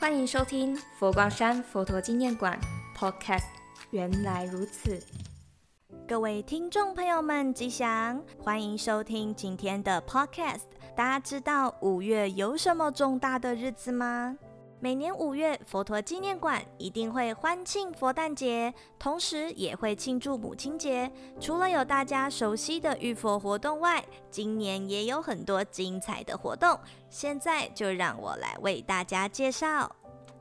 歡迎收聽佛光山佛陀紀念館 Podcast，原來如此。各位聽眾朋友們，吉祥！歡迎收聽今天的 Podcast。大家知道五月有什麼重大的日子嗎？每年五月，佛陀紀念館一定會歡慶佛誕節，同時也會慶祝母親節。除了有大家熟悉的浴佛活動外，今年也有很多精彩的活動。現在就讓我來為大家介紹，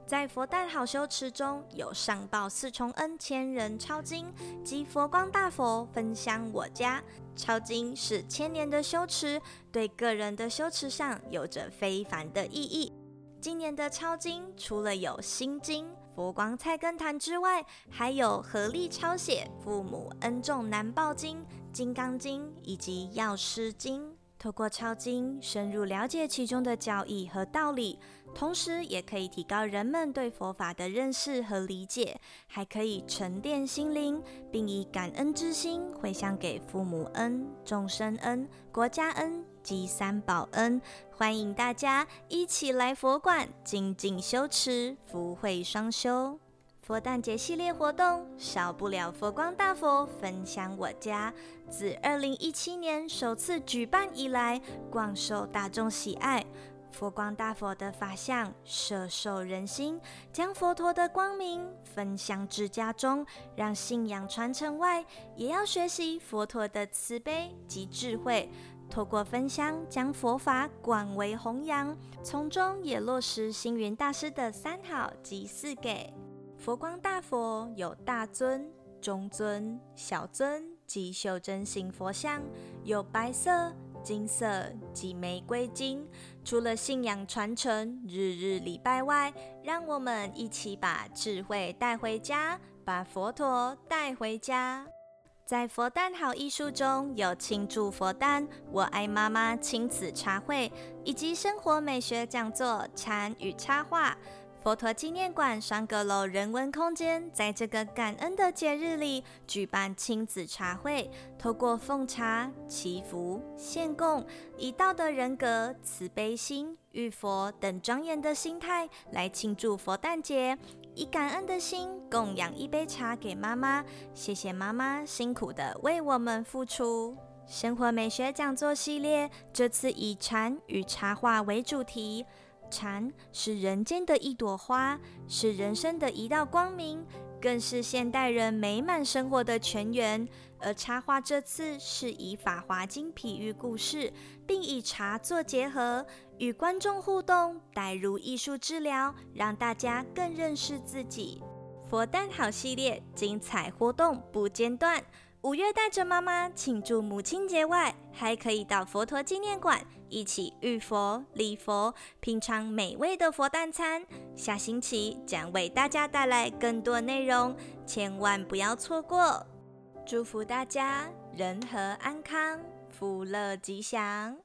在佛誕好修持中有上報四重恩，千人抄經及佛光大佛分享我家。抄經是千年的修持，對個人的修持上有着非凡的意義。今年的抄經除了有《心經》、《佛光菜根譚》之外，還有合力抄寫《父母恩重難報經》、《金剛經》以及《藥師經》。透過抄經，深入了解其中的教義和道理，同時也可以提高人們對佛法的認識和理解，還可以沉澱心靈，並以感恩之心回向給父母恩、眾生恩、國家恩。積三寶恩，歡迎大家一起來佛館精進修持，福慧雙修。佛誕節系列活動少不了佛光大佛分享我家，自二零一七年首次舉辦以來，廣受大眾喜愛。佛光大佛的法相攝受人心，將佛陀的光明分享至家中，讓信仰傳承外，也要學習佛陀的慈悲及智慧。透過分享，將佛法廣為弘揚，從中也落實星雲大師的三好及四給。佛光大佛有大尊、中尊、小尊及袖珍型佛像，有白色、金色及玫瑰金。除了信仰傳承、日日禮拜外，讓我們一起把智慧帶回家，把佛陀帶回家。在佛誕好藝術中有慶祝佛誕、我愛媽媽親子茶會以及生活美學講座、禪與插畫、佛陀紀念館雙閣樓人文空間，在這個感恩的節日裡舉辦親子茶會，透過奉茶、祈福、獻供，以道德人格、慈悲心、浴佛等莊嚴的心態來慶祝佛誕節。以感恩的心供養一杯茶給媽媽，謝謝媽媽辛苦的為我們付出。生活美學講座系列，這次以禪與茶話為主題。禪是人間的一朵花，是人生的一道光明。更是現代人美滿生活的泉源，而插畫這次是以《法華經》譬喻故事，並以茶做結合，與觀眾互動，帶入藝術治療，讓大家更認識自己。佛誕好系列精彩活動不間斷。五月帶着媽媽慶祝母親節外，還可以到佛陀紀念館一起遇佛禮佛，品嘗美味的佛誕餐。下星期將為大家帶來更多內容，千萬不要錯過。祝福大家人和安康，福樂吉祥。